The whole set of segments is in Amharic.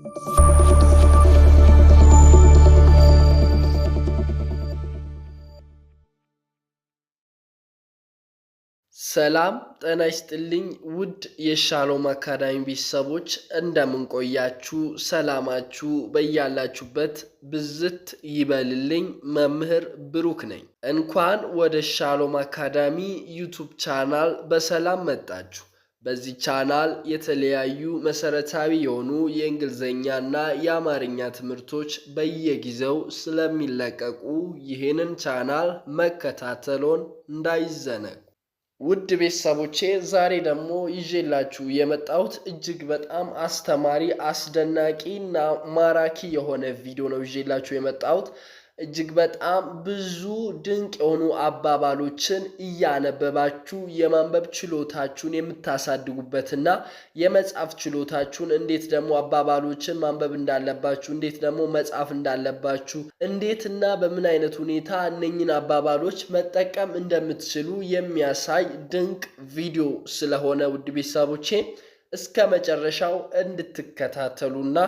ሰላም ጤና ይስጥልኝ። ውድ የሻሎም አካዳሚ ቤተሰቦች እንደምንቆያችሁ፣ ሰላማችሁ በያላችሁበት ብዝት ይበልልኝ። መምህር ብሩክ ነኝ። እንኳን ወደ ሻሎም አካዳሚ ዩቱብ ቻናል በሰላም መጣችሁ። በዚህ ቻናል የተለያዩ መሰረታዊ የሆኑ የእንግሊዝኛና የአማርኛ ትምህርቶች በየጊዜው ስለሚለቀቁ ይህንን ቻናል መከታተሎን እንዳይዘነጉ። ውድ ቤተሰቦቼ ዛሬ ደግሞ ይዤላችሁ የመጣሁት እጅግ በጣም አስተማሪ አስደናቂ እና ማራኪ የሆነ ቪዲዮ ነው ይዤላችሁ የመጣሁት። እጅግ በጣም ብዙ ድንቅ የሆኑ አባባሎችን እያነበባችሁ የማንበብ ችሎታችሁን የምታሳድጉበትና የመጻፍ ችሎታችሁን እንዴት ደግሞ አባባሎችን ማንበብ እንዳለባችሁ እንዴት ደግሞ መጻፍ እንዳለባችሁ እንዴትና በምን አይነት ሁኔታ እነኝን አባባሎች መጠቀም እንደምትችሉ የሚያሳይ ድንቅ ቪዲዮ ስለሆነ ውድ ቤተሰቦቼ እስከ መጨረሻው እንድትከታተሉና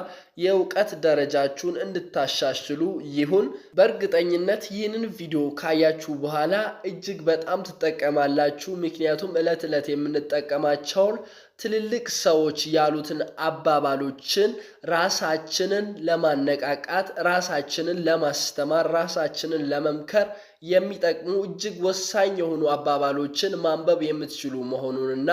የእውቀት ደረጃችሁን እንድታሻሽሉ ይሁን። በእርግጠኝነት ይህንን ቪዲዮ ካያችሁ በኋላ እጅግ በጣም ትጠቀማላችሁ። ምክንያቱም ዕለት ዕለት የምንጠቀማቸውን ትልልቅ ሰዎች ያሉትን አባባሎችን ራሳችንን ለማነቃቃት፣ ራሳችንን ለማስተማር፣ ራሳችንን ለመምከር የሚጠቅሙ እጅግ ወሳኝ የሆኑ አባባሎችን ማንበብ የምትችሉ መሆኑንና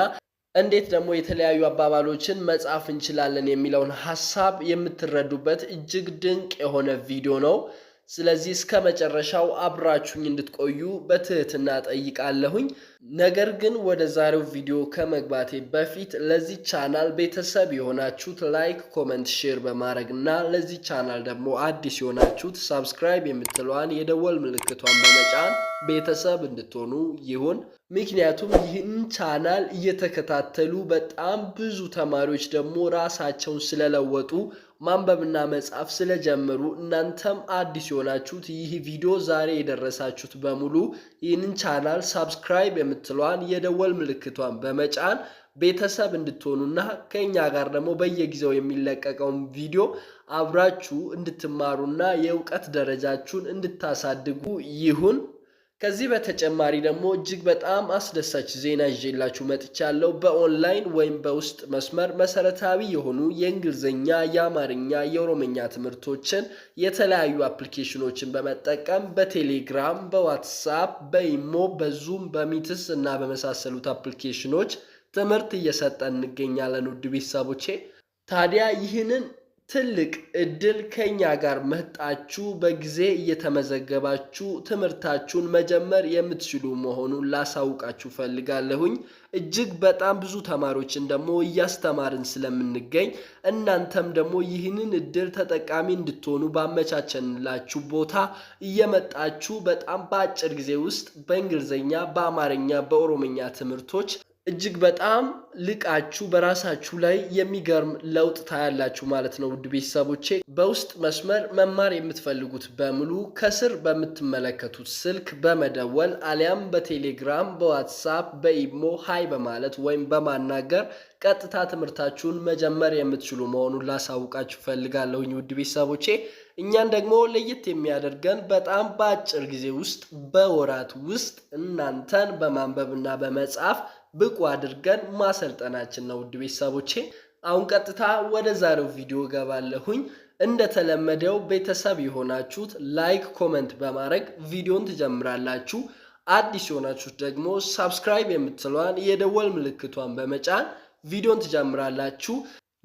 እንዴት ደግሞ የተለያዩ አባባሎችን መጻፍ እንችላለን የሚለውን ሀሳብ የምትረዱበት እጅግ ድንቅ የሆነ ቪዲዮ ነው። ስለዚህ እስከ መጨረሻው አብራችሁኝ እንድትቆዩ በትህትና ጠይቃለሁኝ። ነገር ግን ወደ ዛሬው ቪዲዮ ከመግባቴ በፊት ለዚህ ቻናል ቤተሰብ የሆናችሁት ላይክ፣ ኮመንት፣ ሼር በማድረግ እና ለዚህ ቻናል ደግሞ አዲስ የሆናችሁት ሳብስክራይብ የምትለዋን የደወል ምልክቷን በመጫን ቤተሰብ እንድትሆኑ ይሁን። ምክንያቱም ይህን ቻናል እየተከታተሉ በጣም ብዙ ተማሪዎች ደግሞ ራሳቸውን ስለለወጡ ማንበብና መጻፍ ስለጀመሩ እናንተም አዲስ የሆናችሁት ይህ ቪዲዮ ዛሬ የደረሳችሁት በሙሉ ይህንን ቻናል ሳብስክራይብ የምትለዋን የደወል ምልክቷን በመጫን ቤተሰብ እንድትሆኑና ከኛ ጋር ደግሞ በየጊዜው የሚለቀቀውን ቪዲዮ አብራችሁ እንድትማሩና የእውቀት ደረጃችሁን እንድታሳድጉ ይሁን። ከዚህ በተጨማሪ ደግሞ እጅግ በጣም አስደሳች ዜና ይዤላችሁ መጥቻለሁ። በኦንላይን ወይም በውስጥ መስመር መሰረታዊ የሆኑ የእንግሊዝኛ፣ የአማርኛ፣ የኦሮምኛ ትምህርቶችን የተለያዩ አፕሊኬሽኖችን በመጠቀም በቴሌግራም፣ በዋትሳፕ፣ በኢሞ፣ በዙም፣ በሚትስ እና በመሳሰሉት አፕሊኬሽኖች ትምህርት እየሰጠን እንገኛለን ውድ ቤተሰቦቼ ታዲያ ይህንን ትልቅ እድል ከኛ ጋር መጣችሁ በጊዜ እየተመዘገባችሁ ትምህርታችሁን መጀመር የምትችሉ መሆኑን ላሳውቃችሁ ፈልጋለሁኝ። እጅግ በጣም ብዙ ተማሪዎችን ደግሞ እያስተማርን ስለምንገኝ እናንተም ደግሞ ይህንን እድል ተጠቃሚ እንድትሆኑ ባመቻቸንላችሁ ቦታ እየመጣችሁ በጣም በአጭር ጊዜ ውስጥ በእንግሊዝኛ፣ በአማርኛ፣ በኦሮምኛ ትምህርቶች እጅግ በጣም ልቃችሁ በራሳችሁ ላይ የሚገርም ለውጥ ታያላችሁ ማለት ነው። ውድ ቤተሰቦቼ በውስጥ መስመር መማር የምትፈልጉት በሙሉ ከስር በምትመለከቱት ስልክ በመደወል አሊያም በቴሌግራም፣ በዋትሳፕ፣ በኢሞ ሀይ በማለት ወይም በማናገር ቀጥታ ትምህርታችሁን መጀመር የምትችሉ መሆኑን ላሳውቃችሁ ፈልጋለሁኝ። ውድ ቤተሰቦቼ እኛን ደግሞ ለየት የሚያደርገን በጣም በአጭር ጊዜ ውስጥ በወራት ውስጥ እናንተን በማንበብና በመጻፍ ብቁ አድርገን ማሰልጠናችን ነው። ውድ ቤተሰቦቼ አሁን ቀጥታ ወደ ዛሬው ቪዲዮ ገባለሁኝ። እንደተለመደው ቤተሰብ የሆናችሁት ላይክ፣ ኮመንት በማድረግ ቪዲዮን ትጀምራላችሁ። አዲስ የሆናችሁት ደግሞ ሳብስክራይብ የምትለዋን የደወል ምልክቷን በመጫን ቪዲዮን ትጀምራላችሁ።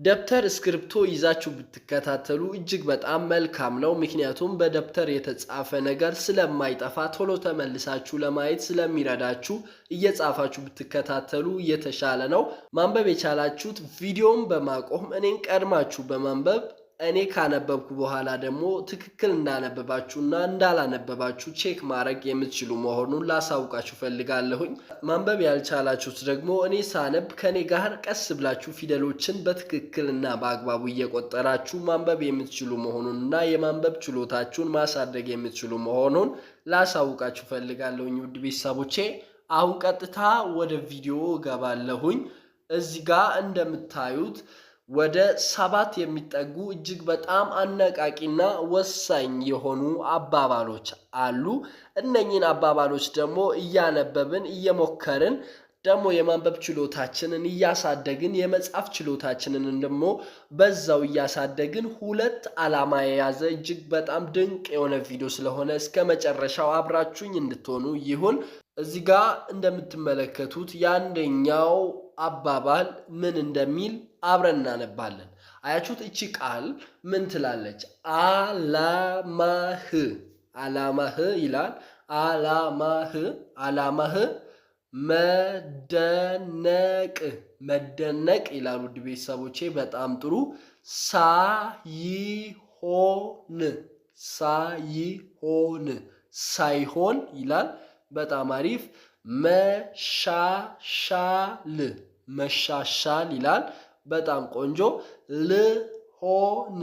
ደብተር እስክሪብቶ ይዛችሁ ብትከታተሉ እጅግ በጣም መልካም ነው። ምክንያቱም በደብተር የተጻፈ ነገር ስለማይጠፋ ቶሎ ተመልሳችሁ ለማየት ስለሚረዳችሁ እየጻፋችሁ ብትከታተሉ የተሻለ ነው። ማንበብ የቻላችሁት ቪዲዮን በማቆም እኔን ቀድማችሁ በማንበብ እኔ ካነበብኩ በኋላ ደግሞ ትክክል እንዳነበባችሁ እና እንዳላነበባችሁ ቼክ ማድረግ የምትችሉ መሆኑን ላሳውቃችሁ ፈልጋለሁኝ። ማንበብ ያልቻላችሁት ደግሞ እኔ ሳነብ ከእኔ ጋር ቀስ ብላችሁ ፊደሎችን በትክክል እና በአግባቡ እየቆጠራችሁ ማንበብ የምትችሉ መሆኑን እና የማንበብ ችሎታችሁን ማሳደግ የምትችሉ መሆኑን ላሳውቃችሁ ፈልጋለሁኝ። ውድ ቤተሰቦቼ አሁን ቀጥታ ወደ ቪዲዮ እገባለሁኝ። እዚህ ጋር እንደምታዩት ወደ ሰባት የሚጠጉ እጅግ በጣም አነቃቂና ወሳኝ የሆኑ አባባሎች አሉ። እነኚህን አባባሎች ደግሞ እያነበብን እየሞከርን ደግሞ የማንበብ ችሎታችንን እያሳደግን የመጻፍ ችሎታችንን ደግሞ በዛው እያሳደግን ሁለት ዓላማ የያዘ እጅግ በጣም ድንቅ የሆነ ቪዲዮ ስለሆነ እስከ መጨረሻው አብራችሁኝ እንድትሆኑ ይሁን። እዚህ ጋር እንደምትመለከቱት የአንደኛው አባባል ምን እንደሚል አብረን እናነባለን። አያችሁት? እቺ ቃል ምን ትላለች? አላማህ አላማህ ይላል። አላማህ አላማህ መደነቅ መደነቅ ይላል። ውድ ቤተሰቦቼ በጣም ጥሩ። ሳይሆን ሳይሆን ሳይሆን ይላል። በጣም አሪፍ። መሻሻል መሻሻል ይላል። በጣም ቆንጆ። ልሆን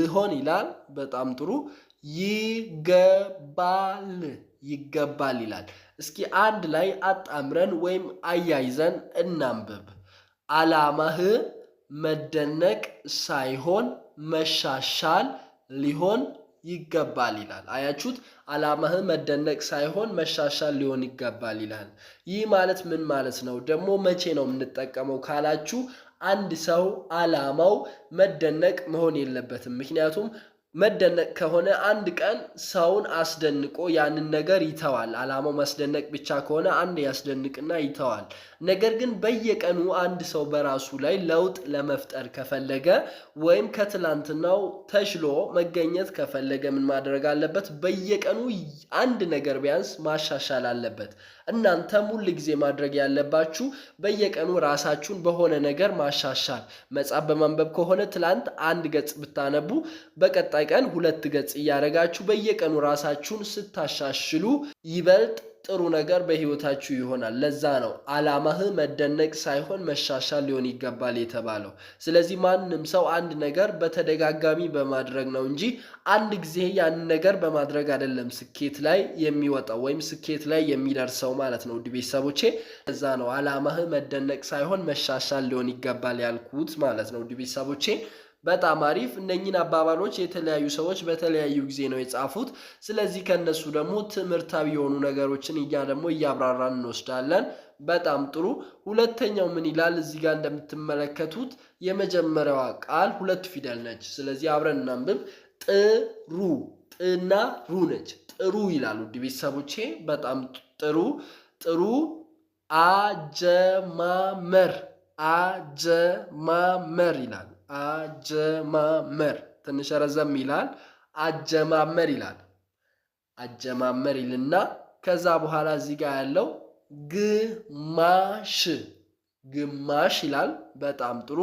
ልሆን ይላል። በጣም ጥሩ። ይገባል ይገባል ይላል። እስኪ አንድ ላይ አጣምረን ወይም አያይዘን እናንብብ። አላማህ መደነቅ ሳይሆን መሻሻል ሊሆን ይገባል ይላል። አያችሁት? አላማህ መደነቅ ሳይሆን መሻሻል ሊሆን ይገባል ይላል። ይህ ማለት ምን ማለት ነው? ደግሞ መቼ ነው የምንጠቀመው ካላችሁ አንድ ሰው አላማው መደነቅ መሆን የለበትም። ምክንያቱም መደነቅ ከሆነ አንድ ቀን ሰውን አስደንቆ ያንን ነገር ይተዋል። አላማው ማስደነቅ ብቻ ከሆነ አንድ ያስደንቅና ይተዋል። ነገር ግን በየቀኑ አንድ ሰው በራሱ ላይ ለውጥ ለመፍጠር ከፈለገ ወይም ከትላንትናው ተሽሎ መገኘት ከፈለገ ምን ማድረግ አለበት? በየቀኑ አንድ ነገር ቢያንስ ማሻሻል አለበት። እናንተም ሁል ጊዜ ማድረግ ያለባችሁ በየቀኑ ራሳችሁን በሆነ ነገር ማሻሻል። መጽሐፍ በማንበብ ከሆነ ትላንት አንድ ገጽ ብታነቡ በቀጣይ ቀን ሁለት ገጽ እያደረጋችሁ በየቀኑ ራሳችሁን ስታሻሽሉ ይበልጥ ጥሩ ነገር በህይወታችሁ ይሆናል። ለዛ ነው አላማህ መደነቅ ሳይሆን መሻሻል ሊሆን ይገባል የተባለው። ስለዚህ ማንም ሰው አንድ ነገር በተደጋጋሚ በማድረግ ነው እንጂ አንድ ጊዜ ያንን ነገር በማድረግ አይደለም ስኬት ላይ የሚወጣው ወይም ስኬት ላይ የሚደርሰው ማለት ነው። ውድ ቤተሰቦቼ ለዛ ነው አላማህ መደነቅ ሳይሆን መሻሻል ሊሆን ይገባል ያልኩት ማለት ነው። ውድ ቤተሰቦቼ በጣም አሪፍ። እነኝን አባባሎች የተለያዩ ሰዎች በተለያዩ ጊዜ ነው የጻፉት። ስለዚህ ከእነሱ ደግሞ ትምህርታዊ የሆኑ ነገሮችን እያ ደግሞ እያብራራን እንወስዳለን። በጣም ጥሩ። ሁለተኛው ምን ይላል? እዚህ ጋር እንደምትመለከቱት የመጀመሪያዋ ቃል ሁለት ፊደል ነች። ስለዚህ አብረን እናንብብ። ጥሩ ጥና ሩ ነች። ጥሩ ይላሉ ውድ ቤተሰቦቼ። በጣም ጥሩ ጥሩ አጀማመር አጀማመር ይላል አጀማመር ትንሽ ረዘም ይላል። አጀማመር ይላል። አጀማመር ይልና ከዛ በኋላ እዚህ ጋር ያለው ግማሽ ግማሽ ይላል። በጣም ጥሩ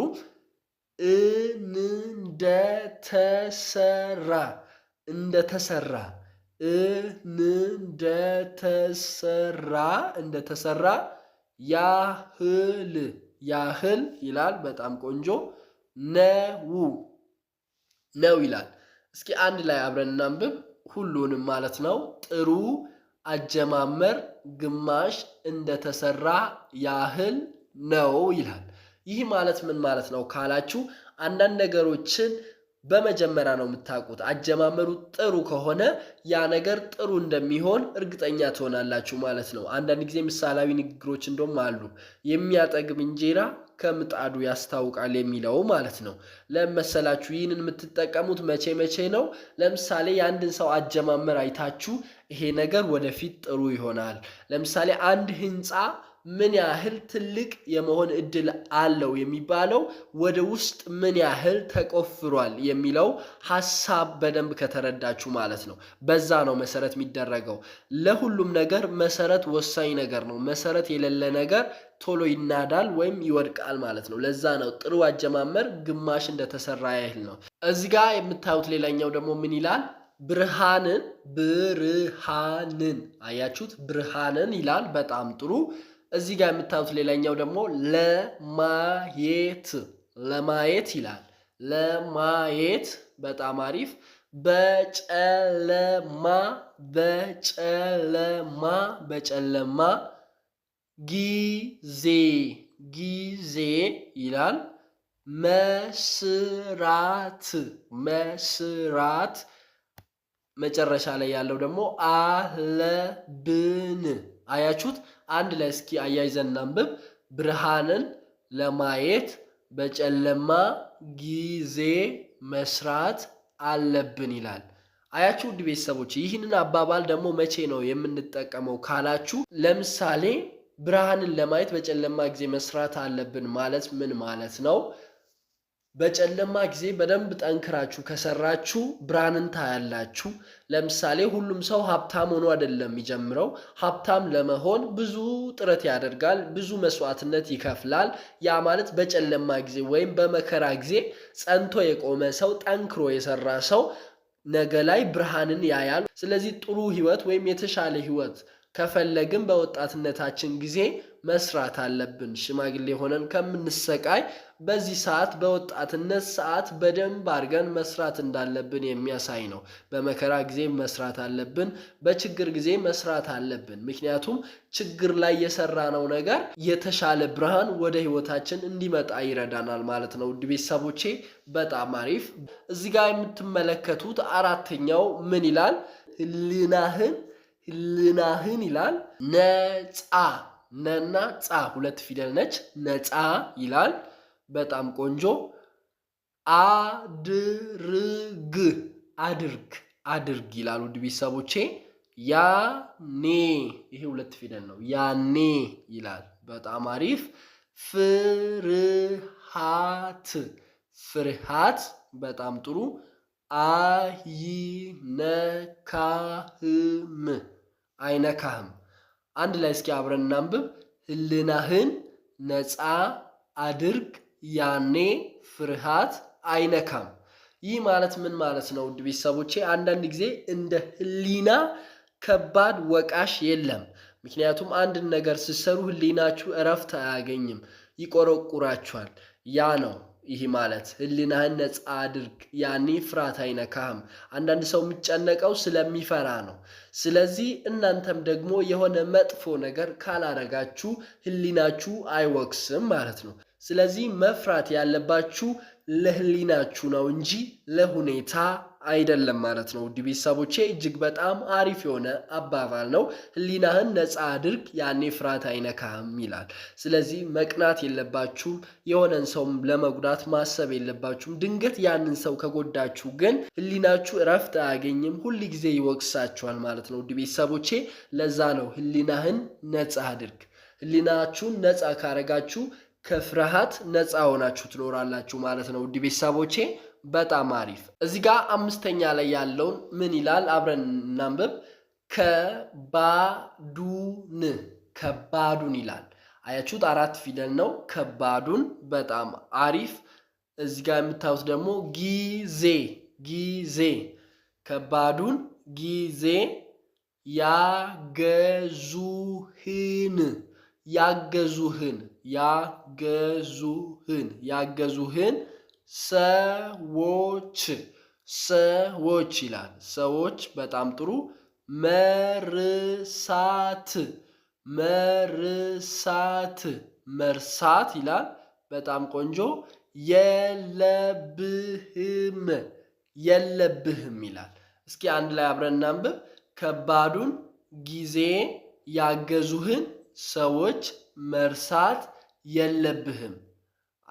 እንደተሰራ እንደተሰራ እንደተሰራ እንደተሰራ ያህል ያህል ይላል። በጣም ቆንጆ ነው ነው ይላል። እስኪ አንድ ላይ አብረን እናንብብ ሁሉንም ማለት ነው። ጥሩ አጀማመር ግማሽ እንደተሰራ ያህል ነው ይላል። ይህ ማለት ምን ማለት ነው ካላችሁ አንዳንድ ነገሮችን በመጀመሪያ ነው የምታውቁት። አጀማመሩ ጥሩ ከሆነ ያ ነገር ጥሩ እንደሚሆን እርግጠኛ ትሆናላችሁ ማለት ነው። አንዳንድ ጊዜ ምሳሌያዊ ንግግሮች እንደውም አሉ የሚያጠግብ እንጀራ ከምጣዱ ያስታውቃል የሚለው ማለት ነው። ለመሰላችሁ ይህንን የምትጠቀሙት መቼ መቼ ነው? ለምሳሌ የአንድን ሰው አጀማመር አይታችሁ ይሄ ነገር ወደፊት ጥሩ ይሆናል። ለምሳሌ አንድ ህንፃ ምን ያህል ትልቅ የመሆን እድል አለው የሚባለው ወደ ውስጥ ምን ያህል ተቆፍሯል የሚለው ሀሳብ በደንብ ከተረዳችሁ ማለት ነው። በዛ ነው መሰረት የሚደረገው። ለሁሉም ነገር መሰረት ወሳኝ ነገር ነው። መሰረት የሌለ ነገር ቶሎ ይናዳል ወይም ይወድቃል ማለት ነው። ለዛ ነው ጥሩ አጀማመር ግማሽ እንደተሰራ ያህል ነው። እዚህ ጋ የምታዩት ሌላኛው ደግሞ ምን ይላል? ብርሃንን ብርሃንን፣ አያችሁት? ብርሃንን ይላል። በጣም ጥሩ። እዚህ ጋር የምታዩት ሌላኛው ደግሞ ለማየት ለማየት ይላል። ለማየት በጣም አሪፍ። በጨለማ በጨለማ በጨለማ ጊዜ ጊዜ ይላል። መስራት መስራት መጨረሻ ላይ ያለው ደግሞ አለብን። አያችሁት? አንድ ላይ እስኪ አያይዘን እናንብብ። ብርሃንን ለማየት በጨለማ ጊዜ መስራት አለብን ይላል። አያችሁ ውድ ቤተሰቦች፣ ይህንን አባባል ደግሞ መቼ ነው የምንጠቀመው ካላችሁ ለምሳሌ ብርሃንን ለማየት በጨለማ ጊዜ መስራት አለብን ማለት ምን ማለት ነው? በጨለማ ጊዜ በደንብ ጠንክራችሁ ከሰራችሁ ብርሃንን ታያላችሁ። ለምሳሌ ሁሉም ሰው ሀብታም ሆኖ አይደለም የሚጀምረው። ሀብታም ለመሆን ብዙ ጥረት ያደርጋል፣ ብዙ መስዋዕትነት ይከፍላል። ያ ማለት በጨለማ ጊዜ ወይም በመከራ ጊዜ ጸንቶ የቆመ ሰው፣ ጠንክሮ የሰራ ሰው ነገ ላይ ብርሃንን ያያል። ስለዚህ ጥሩ ህይወት ወይም የተሻለ ህይወት ከፈለግን በወጣትነታችን ጊዜ መስራት አለብን። ሽማግሌ ሆነን ከምንሰቃይ በዚህ ሰዓት በወጣትነት ሰዓት በደንብ አድርገን መስራት እንዳለብን የሚያሳይ ነው። በመከራ ጊዜ መስራት አለብን። በችግር ጊዜ መስራት አለብን። ምክንያቱም ችግር ላይ የሰራነው ነገር የተሻለ ብርሃን ወደ ህይወታችን እንዲመጣ ይረዳናል ማለት ነው። ውድ ቤተሰቦቼ በጣም አሪፍ። እዚህ ጋር የምትመለከቱት አራተኛው ምን ይላል? ህሊናህን ህልናህን ይላል ነፃ ነና ፃ ሁለት ፊደል ነች። ነፃ ይላል። በጣም ቆንጆ። አድርግ አድርግ አድርግ ይላል። ውድ ቤተሰቦቼ ያኔ ይሄ ሁለት ፊደል ነው። ያኔ ይላል። በጣም አሪፍ። ፍርሃት ፍርሃት በጣም ጥሩ። አይነካህም አይነካህም። አንድ ላይ እስኪ አብረን እናንብብ። ህልናህን ነፃ አድርግ፣ ያኔ ፍርሃት አይነካም። ይህ ማለት ምን ማለት ነው? ውድ ቤተሰቦቼ አንዳንድ ጊዜ እንደ ህሊና ከባድ ወቃሽ የለም። ምክንያቱም አንድን ነገር ስትሰሩ ህሊናችሁ እረፍት አያገኝም፣ ይቆረቁራችኋል። ያ ነው ይህ ማለት ህሊናህን ነፃ አድርግ። ያኔ ፍርሃት አይነካህም። አንዳንድ ሰው የሚጨነቀው ስለሚፈራ ነው። ስለዚህ እናንተም ደግሞ የሆነ መጥፎ ነገር ካላረጋችሁ ህሊናችሁ አይወቅስም ማለት ነው። ስለዚህ መፍራት ያለባችሁ ለህሊናችሁ ነው እንጂ ለሁኔታ አይደለም ማለት ነው። ውድ ቤተሰቦቼ እጅግ በጣም አሪፍ የሆነ አባባል ነው። ህሊናህን ነፃ አድርግ ያኔ ፍርሃት አይነካህም ይላል። ስለዚህ መቅናት የለባችሁም። የሆነን ሰው ለመጉዳት ማሰብ የለባችሁም። ድንገት ያንን ሰው ከጎዳችሁ ግን ህሊናችሁ እረፍት አያገኝም፣ ሁል ጊዜ ይወቅሳችኋል ማለት ነው። ውድ ቤተሰቦቼ ለዛ ነው ህሊናህን ነፃ አድርግ። ህሊናችሁን ነፃ ካረጋችሁ ከፍርሃት ነፃ ሆናችሁ ትኖራላችሁ ማለት ነው። ውድ ቤተሰቦቼ በጣም አሪፍ። እዚህ ጋር አምስተኛ ላይ ያለውን ምን ይላል? አብረን እናንብብ። ከባዱን ከባዱን ይላል። አያችሁት? አራት ፊደል ነው። ከባዱን በጣም አሪፍ። እዚህ ጋር የምታዩት ደግሞ ጊዜ ጊዜ ከባዱን ጊዜ ያገዙህን ያገዙህን ያገዙህን ያገዙህን ሰዎች ሰዎች ይላል። ሰዎች በጣም ጥሩ። መርሳት መርሳት መርሳት ይላል። በጣም ቆንጆ። የለብህም የለብህም ይላል። እስኪ አንድ ላይ አብረን እናንብብ። ከባዱን ጊዜ ያገዙህን ሰዎች መርሳት የለብህም።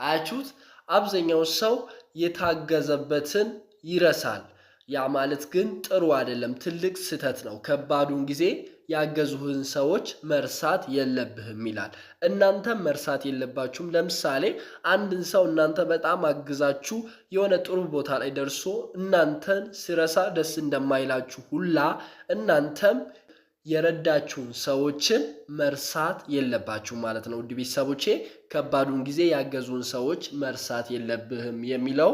አያችሁት? አብዛኛው ሰው የታገዘበትን ይረሳል። ያ ማለት ግን ጥሩ አይደለም፣ ትልቅ ስህተት ነው። ከባዱን ጊዜ ያገዙህን ሰዎች መርሳት የለብህም ይላል። እናንተም መርሳት የለባችሁም። ለምሳሌ አንድን ሰው እናንተ በጣም አግዛችሁ የሆነ ጥሩ ቦታ ላይ ደርሶ እናንተን ሲረሳ ደስ እንደማይላችሁ ሁላ እናንተም የረዳችሁን ሰዎችን መርሳት የለባችሁ ማለት ነው። ውድ ቤተሰቦቼ ከባዱን ጊዜ ያገዙን ሰዎች መርሳት የለብህም የሚለው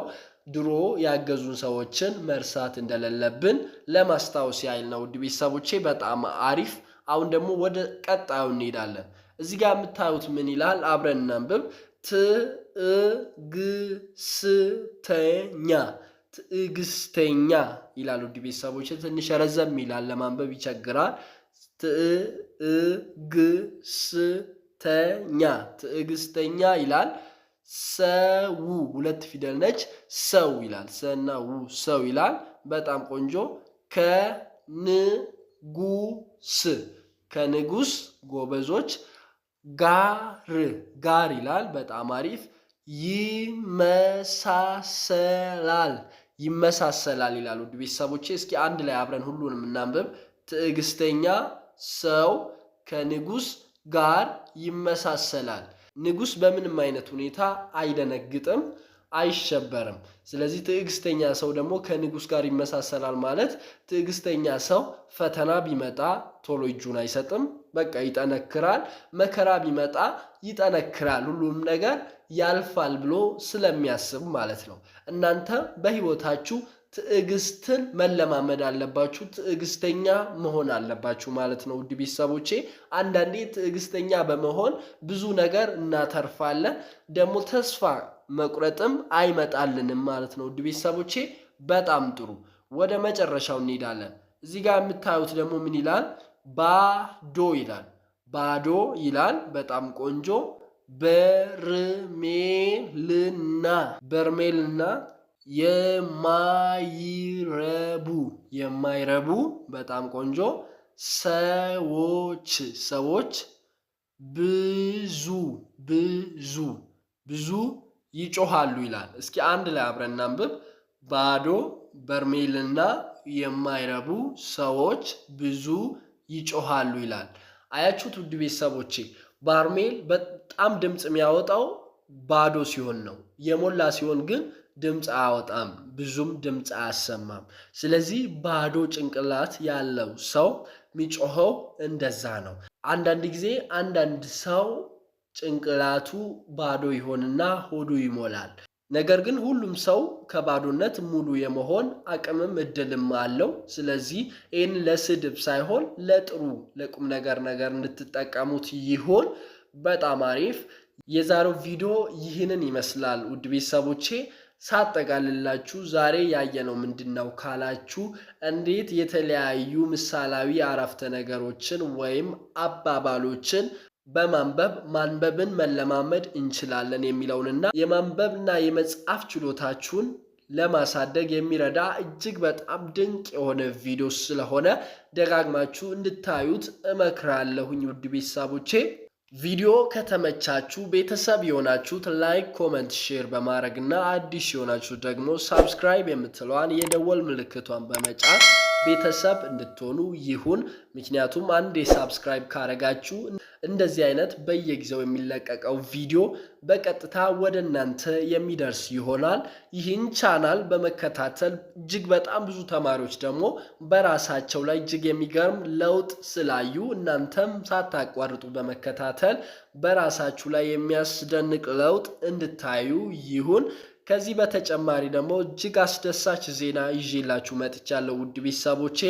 ድሮ ያገዙን ሰዎችን መርሳት እንደሌለብን ለማስታወስ ያህል ነው። ውድ ቤተሰቦቼ በጣም አሪፍ። አሁን ደግሞ ወደ ቀጣዩ እንሄዳለን። እዚህ ጋር የምታዩት ምን ይላል? አብረን እናንብብ። ትዕግስተኛ ትዕግስተኛ ይላል። ውድ ቤተሰቦቼ ትንሽ ረዘም ይላል፣ ለማንበብ ይቸግራል። ትዕግስተኛ ትዕግስተኛ ይላል። ሰው ሁለት ፊደል ነች። ሰው ይላል። ሰና ው ሰው ይላል። በጣም ቆንጆ። ከንጉስ ከንጉስ ጎበዞች ጋር ጋር ይላል። በጣም አሪፍ። ይመሳሰላል ይመሳሰላል ይላል። ውድ ቤተሰቦቼ እስኪ አንድ ላይ አብረን ሁሉንም እናንብብ። ትዕግስተኛ ሰው ከንጉስ ጋር ይመሳሰላል። ንጉስ በምንም አይነት ሁኔታ አይደነግጥም፣ አይሸበርም። ስለዚህ ትዕግስተኛ ሰው ደግሞ ከንጉስ ጋር ይመሳሰላል ማለት ትዕግስተኛ ሰው ፈተና ቢመጣ ቶሎ እጁን አይሰጥም፣ በቃ ይጠነክራል። መከራ ቢመጣ ይጠነክራል። ሁሉም ነገር ያልፋል ብሎ ስለሚያስብ ማለት ነው። እናንተ በህይወታችሁ ትዕግስትን መለማመድ አለባችሁ። ትዕግስተኛ መሆን አለባችሁ ማለት ነው። ውድ ቤተሰቦቼ አንዳንዴ ትዕግስተኛ በመሆን ብዙ ነገር እናተርፋለን። ደግሞ ተስፋ መቁረጥም አይመጣልንም ማለት ነው። ውድ ቤተሰቦቼ በጣም ጥሩ። ወደ መጨረሻው እንሄዳለን። እዚህ ጋር የምታዩት ደግሞ ምን ይላል? ባዶ ይላል። ባዶ ይላል። በጣም ቆንጆ። በርሜልና በርሜልና የማይረቡ የማይረቡ በጣም ቆንጆ ሰዎች ሰዎች ብዙ ብዙ ብዙ ይጮሃሉ ይላል። እስኪ አንድ ላይ አብረን እናንብብ። ባዶ በርሜልና የማይረቡ ሰዎች ብዙ ይጮሃሉ ይላል። አያችሁት ውድ ቤተሰቦቼ፣ በርሜል በጣም ድምፅ የሚያወጣው ባዶ ሲሆን ነው። የሞላ ሲሆን ግን ድምፅ አያወጣም፣ ብዙም ድምፅ አያሰማም። ስለዚህ ባዶ ጭንቅላት ያለው ሰው የሚጮኸው እንደዛ ነው። አንዳንድ ጊዜ አንዳንድ ሰው ጭንቅላቱ ባዶ ይሆንና ሆዱ ይሞላል። ነገር ግን ሁሉም ሰው ከባዶነት ሙሉ የመሆን አቅምም እድልም አለው። ስለዚህ ይህን ለስድብ ሳይሆን ለጥሩ ለቁም ነገር ነገር እንድትጠቀሙት ይሆን። በጣም አሪፍ። የዛሬው ቪዲዮ ይህንን ይመስላል ውድ ቤተሰቦቼ። ሳጠቃልላችሁ ዛሬ ያየነው ምንድን ነው ካላችሁ እንዴት የተለያዩ ምሳሌያዊ አረፍተ ነገሮችን ወይም አባባሎችን በማንበብ ማንበብን መለማመድ እንችላለን የሚለውንና የማንበብና የመጻፍ ችሎታችሁን ለማሳደግ የሚረዳ እጅግ በጣም ድንቅ የሆነ ቪዲዮ ስለሆነ ደጋግማችሁ እንድታዩት እመክራለሁኝ ውድ ቤተሰቦቼ። ቪዲዮ ከተመቻችሁ ቤተሰብ የሆናችሁት ላይክ፣ ኮመንት፣ ሼር በማድረግ እና አዲስ የሆናችሁ ደግሞ ሳብስክራይብ የምትለዋን የደወል ምልክቷን በመጫን ቤተሰብ እንድትሆኑ ይሁን። ምክንያቱም አንዴ የሳብስክራይብ ካረጋችሁ እንደዚህ አይነት በየጊዜው የሚለቀቀው ቪዲዮ በቀጥታ ወደ እናንተ የሚደርስ ይሆናል። ይህን ቻናል በመከታተል እጅግ በጣም ብዙ ተማሪዎች ደግሞ በራሳቸው ላይ እጅግ የሚገርም ለውጥ ስላዩ እናንተም ሳታቋርጡ በመከታተል በራሳችሁ ላይ የሚያስደንቅ ለውጥ እንድታዩ ይሁን። ከዚህ በተጨማሪ ደግሞ እጅግ አስደሳች ዜና ይዤላችሁ መጥቻለሁ ውድ ቤተሰቦቼ።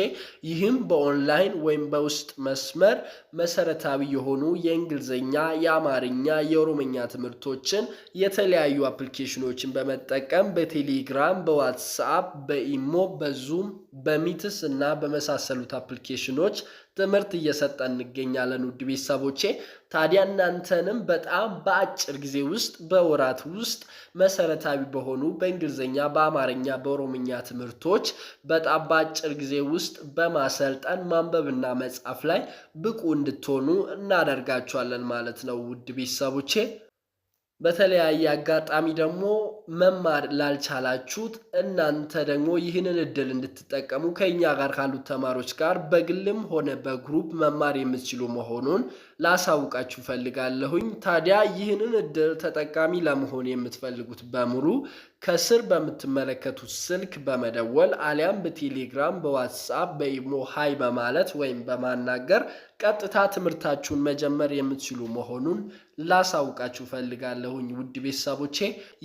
ይህም በኦንላይን ወይም በውስጥ መስመር መሰረታዊ የሆኑ የእንግሊዝኛ፣ የአማርኛ፣ የኦሮምኛ ትምህርቶችን የተለያዩ አፕሊኬሽኖችን በመጠቀም በቴሌግራም፣ በዋትስአፕ፣ በኢሞ፣ በዙም፣ በሚትስ እና በመሳሰሉት አፕሊኬሽኖች ትምህርት እየሰጠ እንገኛለን። ውድ ቤተሰቦቼ ታዲያ እናንተንም በጣም በአጭር ጊዜ ውስጥ በወራት ውስጥ መሰረታዊ በሆኑ በእንግሊዝኛ፣ በአማርኛ፣ በኦሮምኛ ትምህርቶች በጣም በአጭር ጊዜ ውስጥ በማሰልጠን ማንበብና መጻፍ ላይ ብቁ እንድትሆኑ እናደርጋችኋለን ማለት ነው ውድ ቤተሰቦቼ በተለያየ አጋጣሚ ደግሞ መማር ላልቻላችሁት እናንተ ደግሞ ይህንን እድል እንድትጠቀሙ ከእኛ ጋር ካሉት ተማሪዎች ጋር በግልም ሆነ በግሩፕ መማር የምትችሉ መሆኑን ላሳውቃችሁ ፈልጋለሁኝ። ታዲያ ይህንን እድል ተጠቃሚ ለመሆን የምትፈልጉት በሙሉ ከስር በምትመለከቱት ስልክ በመደወል አሊያም በቴሌግራም፣ በዋትሳፕ፣ በኢሞ ሀይ በማለት ወይም በማናገር ቀጥታ ትምህርታችሁን መጀመር የምትችሉ መሆኑን ላሳውቃችሁ ፈልጋለሁኝ ውድ ቤተሰቦቼ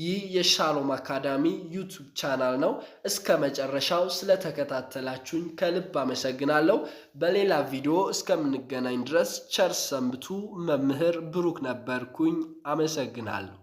ይህ የሻሎም አካዳሚ ዩቱብ ቻናል ነው። እስከ መጨረሻው ስለተከታተላችሁኝ ከልብ አመሰግናለሁ። በሌላ ቪዲዮ እስከምንገናኝ ድረስ ቸር ሰንብቱ። መምህር ብሩክ ነበርኩኝ። አመሰግናለሁ።